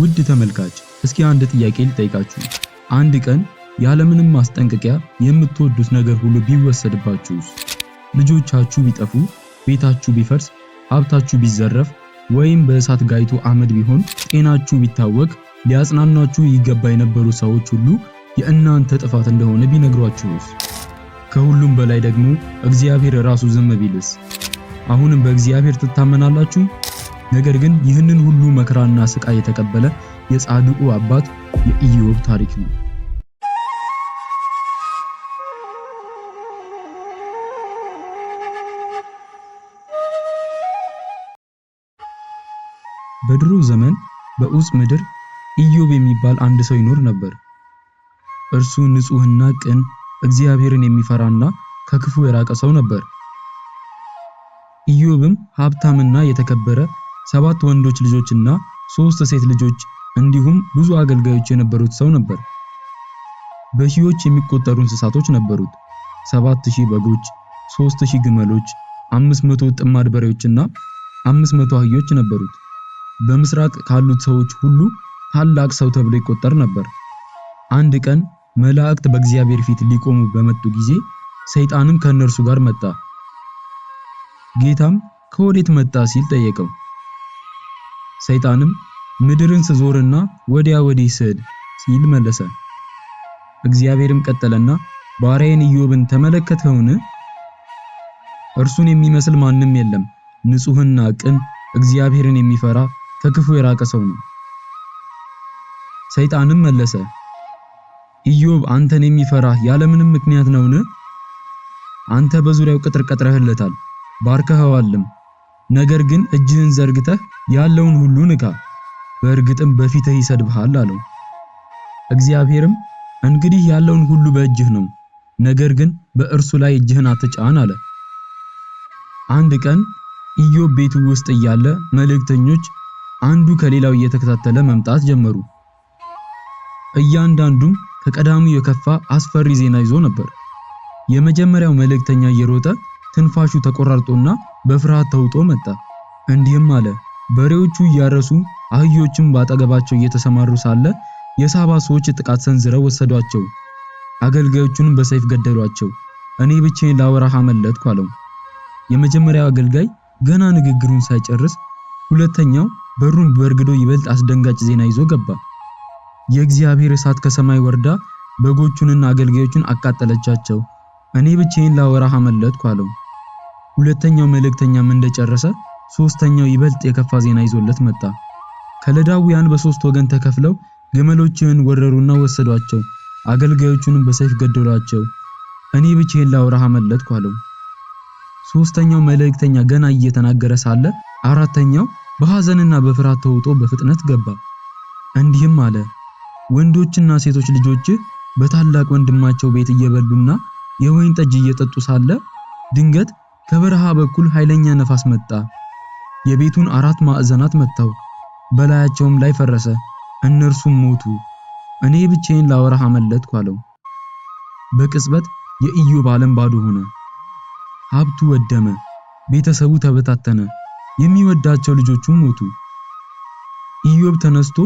ውድ ተመልካች እስኪ አንድ ጥያቄ ልጠይቃችሁ። አንድ ቀን ያለምንም ማስጠንቀቂያ የምትወዱት ነገር ሁሉ ቢወሰድባችሁስ? ልጆቻችሁ ቢጠፉ፣ ቤታችሁ ቢፈርስ፣ ሀብታችሁ ቢዘረፍ፣ ወይም በእሳት ጋይቶ አመድ ቢሆን፣ ጤናችሁ ቢታወቅ፣ ሊያጽናናችሁ ይገባ የነበሩ ሰዎች ሁሉ የእናንተ ጥፋት እንደሆነ ቢነግሯችሁስ? ከሁሉም በላይ ደግሞ እግዚአብሔር ራሱ ዝም ቢልስ? አሁንም በእግዚአብሔር ትታመናላችሁ? ነገር ግን ይህንን ሁሉ መከራና ስቃይ የተቀበለ የጻድቁ አባት የኢዮብ ታሪክ ነው። በድሮ ዘመን በዑፅ ምድር ኢዮብ የሚባል አንድ ሰው ይኖር ነበር። እርሱ ንጹሕና ቅን እግዚአብሔርን የሚፈራና ከክፉ የራቀ ሰው ነበር። ኢዮብም ሀብታምና የተከበረ ሰባት ወንዶች ልጆች እና ሶስት ሴት ልጆች እንዲሁም ብዙ አገልጋዮች የነበሩት ሰው ነበር። በሺዎች የሚቆጠሩ እንስሳቶች ነበሩት። ሰባት ሺህ በጎች፣ ሶስት ሺህ ግመሎች፣ አምስት መቶ ጥማድ በሬዎችና አምስት መቶ አህዮች ነበሩት። በምስራቅ ካሉት ሰዎች ሁሉ ታላቅ ሰው ተብሎ ይቆጠር ነበር። አንድ ቀን መላእክት በእግዚአብሔር ፊት ሊቆሙ በመጡ ጊዜ ሰይጣንም ከእነርሱ ጋር መጣ። ጌታም ከወዴት መጣ ሲል ጠየቀው። ሰይጣንም ምድርን ስዞርና ወዲያ ወዲህ ስል ሲል መለሰ። እግዚአብሔርም ቀጠለና ባሪያዬን ኢዮብን ተመለከተውን? እርሱን የሚመስል ማንም የለም፣ ንጹህና ቅን እግዚአብሔርን የሚፈራ ከክፉ የራቀ ሰው ነው። ሰይጣንም መለሰ፣ ኢዮብ አንተን ያለ ያለምንም ምክንያት ነውን? አንተ በዙሪያው ቅጥር ቀጥረህለታል፣ ባርከኸዋልም፣ ነገር ግን እጅህን ዘርግተህ ያለውን ሁሉ ንካ፣ በእርግጥም በፊትህ ይሰድብሃል አለው። እግዚአብሔርም እንግዲህ ያለውን ሁሉ በእጅህ ነው፣ ነገር ግን በእርሱ ላይ እጅህን አትጫን አለ። አንድ ቀን ኢዮብ ቤቱ ውስጥ እያለ መልእክተኞች አንዱ ከሌላው እየተከታተለ መምጣት ጀመሩ። እያንዳንዱም ከቀዳሚው የከፋ አስፈሪ ዜና ይዞ ነበር። የመጀመሪያው መልእክተኛ እየሮጠ ትንፋሹ ተቆራርጦና በፍርሃት ተውጦ መጣ። እንዲህም አለ፣ በሬዎቹ እያረሱ አህዮችም በአጠገባቸው እየተሰማሩ ሳለ የሳባ ሰዎች ጥቃት ሰንዝረው ወሰዷቸው፣ አገልጋዮቹንም በሰይፍ ገደሏቸው። እኔ ብቻዬን ላወራህ አመለጥኩ አለው። የመጀመሪያው አገልጋይ ገና ንግግሩን ሳይጨርስ ሁለተኛው በሩን በእርግዶ ይበልጥ አስደንጋጭ ዜና ይዞ ገባ። የእግዚአብሔር እሳት ከሰማይ ወርዳ በጎቹንና አገልጋዮቹን አቃጠለቻቸው። እኔ ብቻዬን ላወራህ አመለጥኩ አለው። ሁለተኛው መልእክተኛም እንደጨረሰ ሶስተኛው ይበልጥ የከፋ ዜና ይዞለት መጣ። ከለዳውያን በሶስት ወገን ተከፍለው ግመሎችህን ወረሩና ወሰዷቸው፣ አገልጋዮቹንም በሰይፍ ገደሏቸው፣ እኔ ብቻዬን ላወራህ አመለጥኩ አለው። ሶስተኛው መልእክተኛ ገና እየተናገረ ሳለ አራተኛው በሐዘንና በፍርሃት ተውጦ በፍጥነት ገባ። እንዲህም አለ፣ ወንዶችና ሴቶች ልጆች በታላቅ ወንድማቸው ቤት እየበሉና የወይን ጠጅ እየጠጡ ሳለ ድንገት ከበረሃ በኩል ኃይለኛ ነፋስ መጣ። የቤቱን አራት ማዕዘናት መታው፣ በላያቸውም ላይ ፈረሰ። እነርሱም ሞቱ። እኔ ብቻዬን ላወራህ አመለጥኩ አለው። በቅጽበት የኢዮብ ዓለም ባዶ ሆነ። ሀብቱ ወደመ፣ ቤተሰቡ ተበታተነ፣ የሚወዳቸው ልጆቹም ሞቱ። ኢዮብ ተነስቶ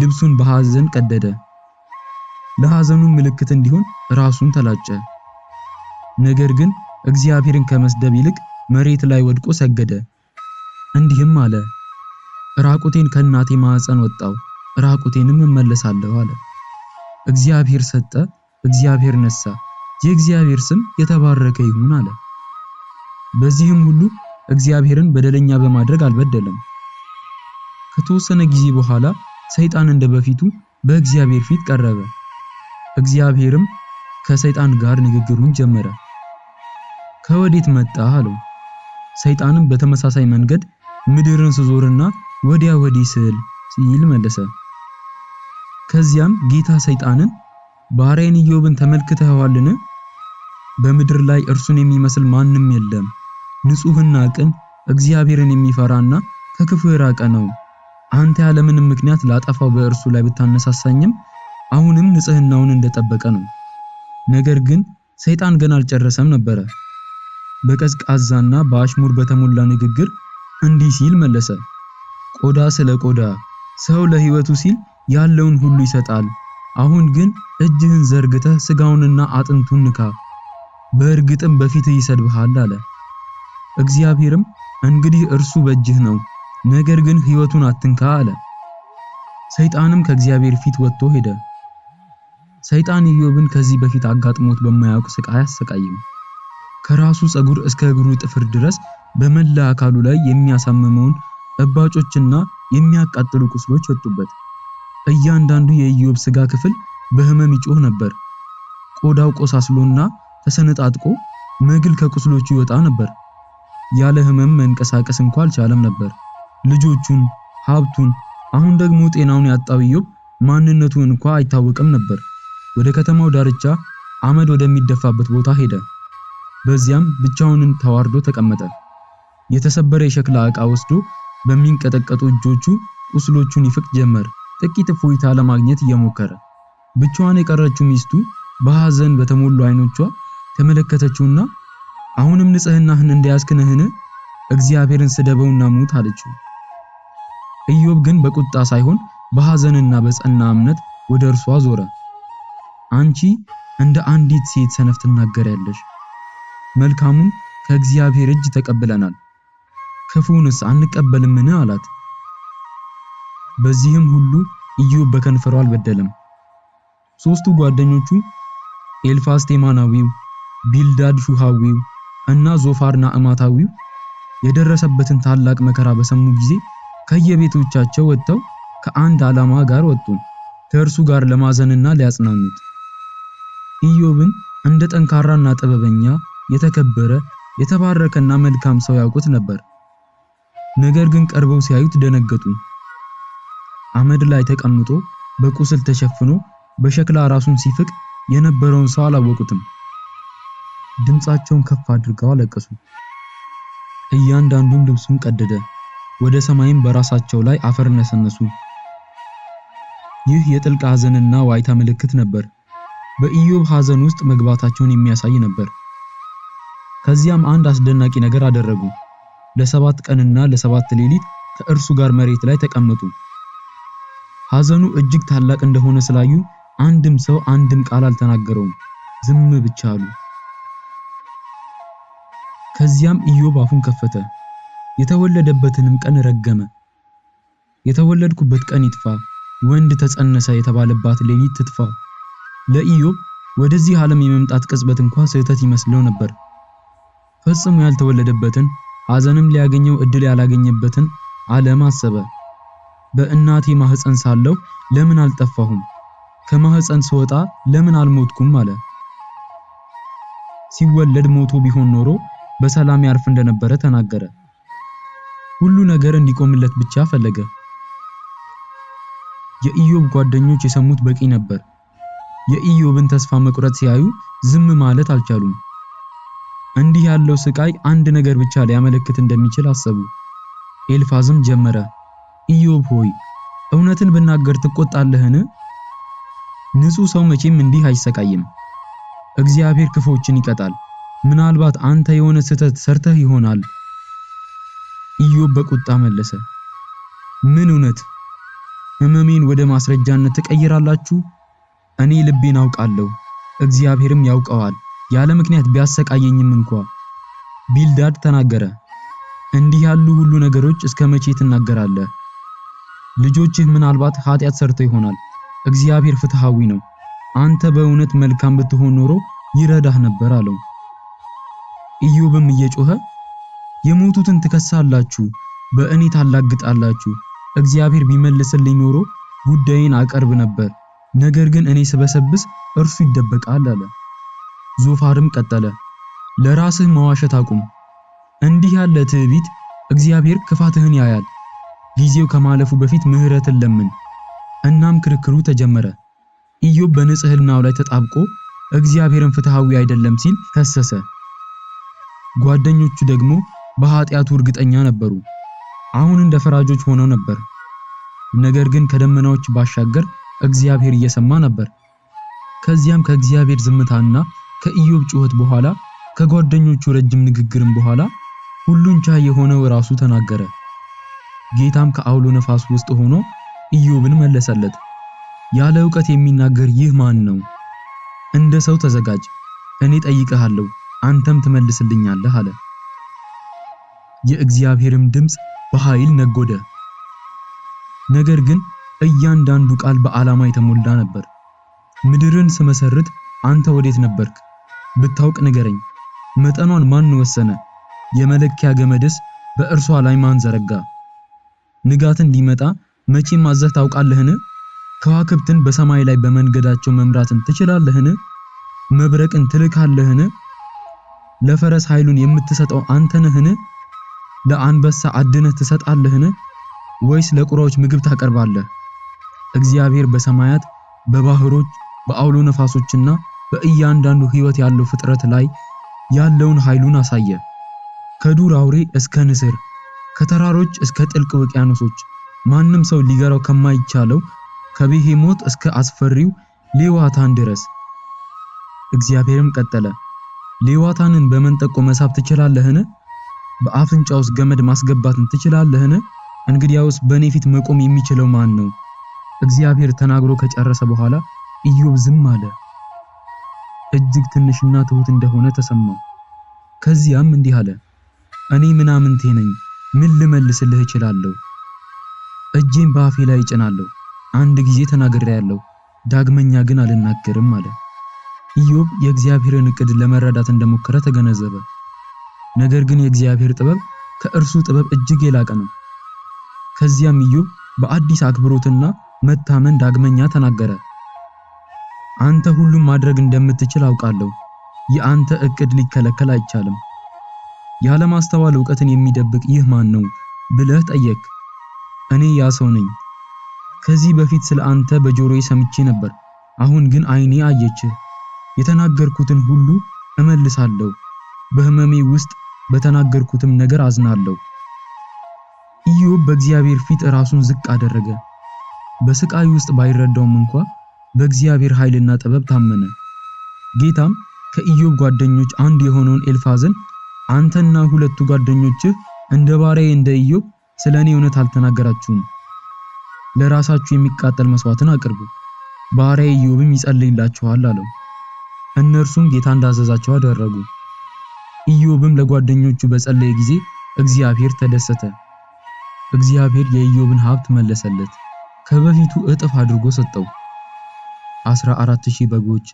ልብሱን በሐዘን ቀደደ። ለሐዘኑ ምልክት እንዲሆን ራሱን ተላጨ። ነገር ግን እግዚአብሔርን ከመስደብ ይልቅ መሬት ላይ ወድቆ ሰገደ። እንዲህም አለ፣ ራቁቴን ከእናቴ ማዕፀን ወጣው፣ ራቁቴንም እመለሳለሁ አለ። እግዚአብሔር ሰጠ፣ እግዚአብሔር ነሳ፣ የእግዚአብሔር ስም የተባረከ ይሁን አለ። በዚህም ሁሉ እግዚአብሔርን በደለኛ በማድረግ አልበደለም። ከተወሰነ ጊዜ በኋላ ሰይጣን እንደ በፊቱ በእግዚአብሔር ፊት ቀረበ። እግዚአብሔርም ከሰይጣን ጋር ንግግሩን ጀመረ። ከወዴት መጣህ አለው። ሰይጣንም በተመሳሳይ መንገድ ምድርን ስዞርና ወዲያ ወዲህ ስል ሲል መለሰ። ከዚያም ጌታ ሰይጣንን ባሪያዬን ኢዮብን ተመልክተኸዋልን? በምድር ላይ እርሱን የሚመስል ማንም የለም፣ ንጹህና ቅን እግዚአብሔርን የሚፈራና ከክፉ የራቀ ነው። አንተ ያለምንም ምክንያት ላጠፋው በእርሱ ላይ ብታነሳሳኝም አሁንም ንጽህናውን እንደጠበቀ ነው። ነገር ግን ሰይጣን ገና አልጨረሰም ነበረ። በቀዝቃዛና በአሽሙር በተሞላ ንግግር እንዲህ ሲል መለሰ። ቆዳ ስለ ቆዳ፣ ሰው ለሕይወቱ ሲል ያለውን ሁሉ ይሰጣል። አሁን ግን እጅህን ዘርግተህ ሥጋውንና አጥንቱን ንካ፣ በእርግጥም በፊትህ ይሰድብሃል አለ። እግዚአብሔርም እንግዲህ እርሱ በእጅህ ነው፣ ነገር ግን ሕይወቱን አትንካ አለ። ሰይጣንም ከእግዚአብሔር ፊት ወጥቶ ሄደ። ሰይጣን ኢዮብን ከዚህ በፊት አጋጥሞት በማያውቅ ስቃይ አሰቃየው። ከራሱ ፀጉር እስከ እግሩ ጥፍር ድረስ በመላ አካሉ ላይ የሚያሳምመውን እባጮችና የሚያቃጥሉ ቁስሎች ወጡበት። እያንዳንዱ የኢዮብ ስጋ ክፍል በህመም ይጮህ ነበር። ቆዳው ቆሳስሎና ተሰነጣጥቆ መግል ከቁስሎቹ ይወጣ ነበር። ያለ ህመም መንቀሳቀስ እንኳ አልቻለም ነበር። ልጆቹን፣ ሀብቱን፣ አሁን ደግሞ ጤናውን ያጣው ኢዮብ ማንነቱ እንኳ አይታወቅም ነበር። ወደ ከተማው ዳርቻ አመድ ወደሚደፋበት ቦታ ሄደ። በዚያም ብቻውን ተዋርዶ ተቀመጠ። የተሰበረ የሸክላ ዕቃ ወስዶ በሚንቀጠቀጡ እጆቹ ቁስሎቹን ይፍቅ ጀመር። ጥቂት እፎይታ ለማግኘት እየሞከረ ብቻዋን የቀረችው ሚስቱ በሐዘን በተሞሉ አይኖቿ ተመለከተችውና አሁንም ንጽሕናህን እንዳያስክንህን እግዚአብሔርን ስደበውና ሙት አለችው። ኢዮብ ግን በቁጣ ሳይሆን በሐዘንና በጸና እምነት ወደ እርሷ ዞረ። አንቺ እንደ አንዲት ሴት ሰነፍ ትናገሪያለሽ መልካሙን ከእግዚአብሔር እጅ ተቀብለናል፣ ክፉንስ አንቀበልምን አላት። በዚህም ሁሉ ኢዮብ በከንፈሩ አልበደለም። ሦስቱ ጓደኞቹ ኤልፋዝ ቴማናዊው፣ ቢልዳድ ሹሃዊው እና ዞፋር ናዕማታዊው የደረሰበትን ታላቅ መከራ በሰሙ ጊዜ ከየቤቶቻቸው ወጥተው ከአንድ ዓላማ ጋር ወጡ፣ ከእርሱ ጋር ለማዘንና ሊያጽናኑት ኢዮብን እንደ ጠንካራና ጥበበኛ የተከበረ የተባረከና መልካም ሰው ያውቁት ነበር። ነገር ግን ቀርበው ሲያዩት ደነገጡ። አመድ ላይ ተቀምጦ በቁስል ተሸፍኖ በሸክላ ራሱን ሲፍቅ የነበረውን ሰው አላወቁትም። ድምፃቸውን ከፍ አድርገው አለቀሱ። እያንዳንዱም ልብሱን ቀደደ፣ ወደ ሰማይም በራሳቸው ላይ አፈር ነሰነሱ። ይህ የጥልቅ ሐዘንና ዋይታ ምልክት ነበር። በኢዮብ ሐዘን ውስጥ መግባታቸውን የሚያሳይ ነበር። ከዚያም አንድ አስደናቂ ነገር አደረጉ። ለሰባት ቀንና ለሰባት ሌሊት ከእርሱ ጋር መሬት ላይ ተቀመጡ። ሐዘኑ እጅግ ታላቅ እንደሆነ ስላዩ አንድም ሰው አንድም ቃል አልተናገረውም፣ ዝም ብቻ አሉ። ከዚያም ኢዮብ አፉን ከፈተ፣ የተወለደበትንም ቀን ረገመ። የተወለድኩበት ቀን ይጥፋ፣ ወንድ ተጸነሰ የተባለባት ሌሊት ትጥፋ። ለኢዮብ ወደዚህ ዓለም የመምጣት ቅጽበት እንኳን ስህተት ይመስለው ነበር። ፈጽሞ ያልተወለደበትን ሐዘንም ሊያገኘው እድል ያላገኘበትን ዓለም አሰበ። በእናቴ ማህፀን ሳለሁ ለምን አልጠፋሁም? ከማህፀን ስወጣ ለምን አልሞትኩም? አለ። ሲወለድ ሞቶ ቢሆን ኖሮ በሰላም ያርፍ እንደነበረ ተናገረ። ሁሉ ነገር እንዲቆምለት ብቻ ፈለገ። የኢዮብ ጓደኞች የሰሙት በቂ ነበር። የኢዮብን ተስፋ መቁረጥ ሲያዩ ዝም ማለት አልቻሉም። እንዲህ ያለው ስቃይ አንድ ነገር ብቻ ሊያመለክት እንደሚችል አሰቡ። ኤልፋዝም ጀመረ፣ ኢዮብ ሆይ እውነትን ብናገር ትቆጣለህን? ንጹሕ ሰው መቼም እንዲህ አይሰቃይም። እግዚአብሔር ክፎችን ይቀጣል። ምናልባት አንተ የሆነ ስህተት ሰርተህ ይሆናል። ኢዮብ በቁጣ መለሰ፣ ምን እውነት ሕመሜን ወደ ማስረጃነት ትቀይራላችሁ? እኔ ልቤን አውቃለሁ፣ እግዚአብሔርም ያውቀዋል። ያለ ምክንያት ቢያሰቃየኝም እንኳ ቢልዳድ ተናገረ። እንዲህ ያሉ ሁሉ ነገሮች እስከ መቼ ትናገራለህ? ልጆችህ ምናልባት ኃጢአት ሰርተው ይሆናል። እግዚአብሔር ፍትሃዊ ነው። አንተ በእውነት መልካም ብትሆን ኖሮ ይረዳህ ነበር አለው። ኢዮብም እየጮኸ የሞቱትን ትከሳላችሁ፣ በእኔ ታላግጣላችሁ። እግዚአብሔር ቢመልስልኝ ኖሮ ጉዳይን አቀርብ ነበር፣ ነገር ግን እኔ ስበሰብስ እርሱ ይደበቃል አለ። ዞፋርም ቀጠለ፣ ለራስህ መዋሸት አቁም። እንዲህ ያለ ትዕቢት፣ እግዚአብሔር ክፋትህን ያያል። ጊዜው ከማለፉ በፊት ምሕረትን ለምን። እናም ክርክሩ ተጀመረ። ኢዮብ በንጽህናው ላይ ተጣብቆ እግዚአብሔርን ፍትሃዊ አይደለም ሲል ከሰሰ። ጓደኞቹ ደግሞ በኃጢአቱ እርግጠኛ ነበሩ። አሁን እንደ ፈራጆች ሆነው ነበር። ነገር ግን ከደመናዎች ባሻገር እግዚአብሔር እየሰማ ነበር። ከዚያም ከእግዚአብሔር ዝምታና ከኢዮብ ጩኸት በኋላ ከጓደኞቹ ረጅም ንግግርም በኋላ ሁሉን ቻይ የሆነው ራሱ ተናገረ። ጌታም ከአውሎ ነፋስ ውስጥ ሆኖ ኢዮብን መለሰለት። ያለ እውቀት የሚናገር ይህ ማን ነው? እንደ ሰው ተዘጋጅ፣ እኔ ጠይቀሃለሁ፣ አንተም ትመልስልኛለህ አለ። የእግዚአብሔርም ድምፅ በኃይል ነጎደ። ነገር ግን እያንዳንዱ ቃል በዓላማ የተሞላ ነበር። ምድርን ስመሰርት አንተ ወዴት ነበርክ? ብታውቅ ንገረኝ። መጠኗን ማን ወሰነ? የመለኪያ ገመድስ በእርሷ ላይ ማን ዘረጋ? ንጋት እንዲመጣ መቼም ማዘህ ታውቃለህን? ከዋክብትን በሰማይ ላይ በመንገዳቸው መምራትን ትችላለህን? መብረቅን ትልካለህን? ለፈረስ ኃይሉን የምትሰጠው አንተ ነህን? ለአንበሳ አድነህ ትሰጣለህን? ወይስ ለቁራዎች ምግብ ታቀርባለህ? እግዚአብሔር በሰማያት በባህሮች በአውሎ ነፋሶችና በእያንዳንዱ ሕይወት ያለው ፍጥረት ላይ ያለውን ኃይሉን አሳየ። ከዱር አውሬ እስከ ንስር፣ ከተራሮች እስከ ጥልቅ ውቅያኖሶች፣ ማንም ሰው ሊገራው ከማይቻለው ከቤሄሞት እስከ አስፈሪው ሌዋታን ድረስ። እግዚአብሔርም ቀጠለ፣ ሌዋታንን በመንጠቆ መሳብ ትችላለህን? በአፍንጫ ውስጥ ገመድ ማስገባትን ትችላለህን? እንግዲያውስ በእኔ ፊት መቆም የሚችለው ማን ነው? እግዚአብሔር ተናግሮ ከጨረሰ በኋላ ኢዮብ ዝም አለ። እጅግ ትንሽና ትሁት እንደሆነ ተሰማው። ከዚያም እንዲህ አለ፣ እኔ ምናምንቴ ነኝ፣ ምን ልመልስልህ እችላለሁ? እጄን በአፌ ላይ እጭናለሁ። አንድ ጊዜ ተናግሬያለሁ፣ ዳግመኛ ግን አልናገርም አለ። ኢዮብ የእግዚአብሔርን እቅድ ለመረዳት እንደሞከረ ተገነዘበ። ነገር ግን የእግዚአብሔር ጥበብ ከእርሱ ጥበብ እጅግ የላቀ ነው። ከዚያም ኢዮብ በአዲስ አክብሮትና መታመን ዳግመኛ ተናገረ። አንተ ሁሉም ማድረግ እንደምትችል አውቃለሁ። የአንተ እቅድ ሊከለከል አይቻልም። ያለማስተዋል እውቀትን የሚደብቅ ይህ ማን ነው ብለህ ጠየቅ። እኔ ያ ሰው ነኝ። ከዚህ በፊት ስለ አንተ በጆሮዬ ሰምቼ ነበር፣ አሁን ግን ዓይኔ አየች የተናገርኩትን ሁሉ እመልሳለሁ። በህመሜ ውስጥ በተናገርኩትም ነገር አዝናለሁ። ኢዮብ በእግዚአብሔር ፊት ራሱን ዝቅ አደረገ። በስቃይ ውስጥ ባይረዳውም እንኳ በእግዚአብሔር ኃይልና ጥበብ ታመነ። ጌታም ከኢዮብ ጓደኞች አንዱ የሆነውን ኤልፋዝን አንተና ሁለቱ ጓደኞችህ እንደ ባሪያዬ እንደ ኢዮብ ስለ እኔ እውነት አልተናገራችሁም። ለራሳችሁ የሚቃጠል መስዋዕትን አቅርቡ፣ ባሪያዬ ኢዮብም ይጸልይላችኋል አለው። እነርሱም ጌታ እንዳዘዛቸው አደረጉ። ኢዮብም ለጓደኞቹ በጸለየ ጊዜ እግዚአብሔር ተደሰተ። እግዚአብሔር የኢዮብን ሀብት መለሰለት፣ ከበፊቱ እጥፍ አድርጎ ሰጠው። 14000 በጎች፣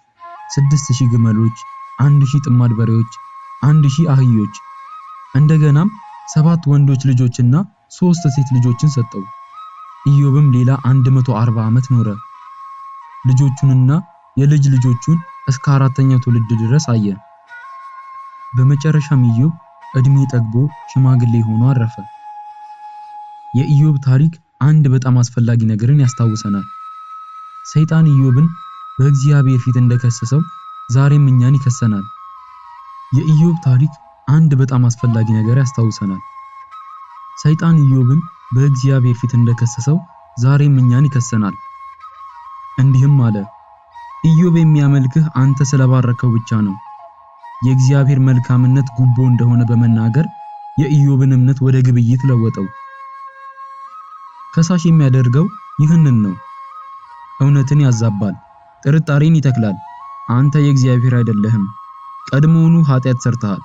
6000 ግመሎች፣ 1000 ጥማድ በሬዎች፣ 1000 አህዮች እንደገናም ሰባት ወንዶች ልጆችና ሶስት ሴት ልጆችን ሰጠው። ኢዮብም ሌላ 140 ዓመት ኖረ። ልጆቹንና የልጅ ልጆቹን እስከ አራተኛው ትውልድ ድረስ አየ። በመጨረሻም ኢዮብ እድሜ ጠግቦ ሽማግሌ ሆኖ አረፈ። የኢዮብ ታሪክ አንድ በጣም አስፈላጊ ነገርን ያስታውሰናል። ሰይጣን ኢዮብን በእግዚአብሔር ፊት እንደከሰሰው ዛሬም እኛን ይከሰናል። የኢዮብ ታሪክ አንድ በጣም አስፈላጊ ነገር ያስታውሰናል። ሰይጣን ኢዮብን በእግዚአብሔር ፊት እንደከሰሰው ዛሬም እኛን ይከሰናል። እንዲህም አለ፣ ኢዮብ የሚያመልክህ አንተ ስለባረከው ብቻ ነው። የእግዚአብሔር መልካምነት ጉቦ እንደሆነ በመናገር የኢዮብን እምነት ወደ ግብይት ለወጠው። ከሳሽ የሚያደርገው ይህንን ነው። እውነትን ያዛባል፣ ጥርጣሬን ይተክላል። አንተ የእግዚአብሔር አይደለህም፣ ቀድሞውኑ ኃጢአት ሰርተሃል፣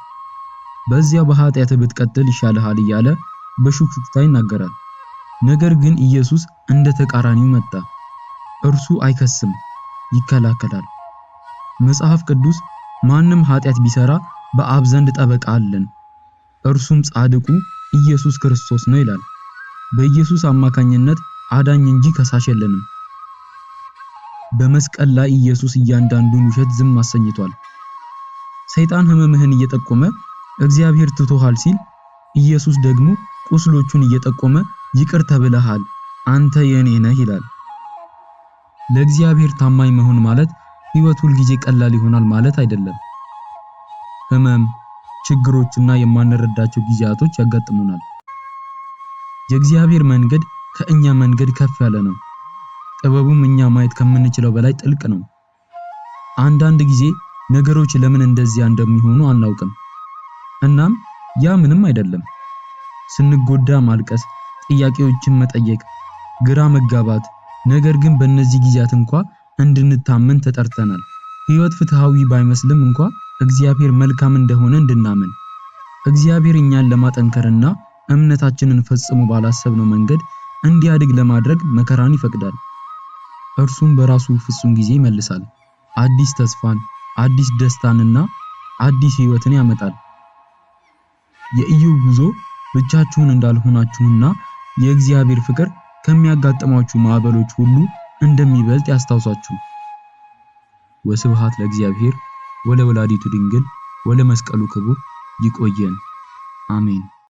በዚያ በኃጢአት ብትቀጥል ይሻልሃል እያለ በሹክሹክታ ይናገራል። ነገር ግን ኢየሱስ እንደ ተቃራኒው መጣ። እርሱ አይከስም፣ ይከላከላል። መጽሐፍ ቅዱስ ማንም ኃጢአት ቢሰራ በአብ ዘንድ ጠበቃ አለን እርሱም ጻድቁ ኢየሱስ ክርስቶስ ነው ይላል። በኢየሱስ አማካኝነት አዳኝ እንጂ ከሳሽ የለንም። በመስቀል ላይ ኢየሱስ እያንዳንዱን ውሸት ዝም አሰኝቷል። ሰይጣን ህመምህን እየጠቆመ እግዚአብሔር ትቶሃል ሲል፣ ኢየሱስ ደግሞ ቁስሎቹን እየጠቆመ ይቅር ተብለሃል፣ አንተ የኔ ነህ ይላል። ለእግዚአብሔር ታማኝ መሆን ማለት ሕይወት ሁልጊዜ ቀላል ይሆናል ማለት አይደለም። ህመም ችግሮችና የማንረዳቸው ጊዜያቶች ያጋጥሙናል። የእግዚአብሔር መንገድ ከእኛ መንገድ ከፍ ያለ ነው። ጥበቡም እኛ ማየት ከምንችለው በላይ ጥልቅ ነው። አንዳንድ ጊዜ ነገሮች ለምን እንደዚያ እንደሚሆኑ አናውቅም። እናም ያ ምንም አይደለም። ስንጎዳ ማልቀስ፣ ጥያቄዎችን መጠየቅ፣ ግራ መጋባት፣ ነገር ግን በእነዚህ ጊዜያት እንኳ እንድንታመን ተጠርተናል። ሕይወት ፍትሃዊ ባይመስልም እንኳ እግዚአብሔር መልካም እንደሆነ እንድናምን እግዚአብሔር እኛን ለማጠንከርና እምነታችንን ፈጽሞ ባላሰብነው መንገድ እንዲያድግ ለማድረግ መከራን ይፈቅዳል። እርሱም በራሱ ፍጹም ጊዜ ይመልሳል። አዲስ ተስፋን፣ አዲስ ደስታንና አዲስ ሕይወትን ያመጣል። የኢዮብ ጉዞ ብቻችሁን እንዳልሆናችሁና የእግዚአብሔር ፍቅር ከሚያጋጥሟችሁ ማዕበሎች ሁሉ እንደሚበልጥ ያስታውሳችሁ። ወስብሃት ለእግዚአብሔር ወለወላዲቱ ድንግል ወለመስቀሉ ክቡር። ይቆየን። አሜን።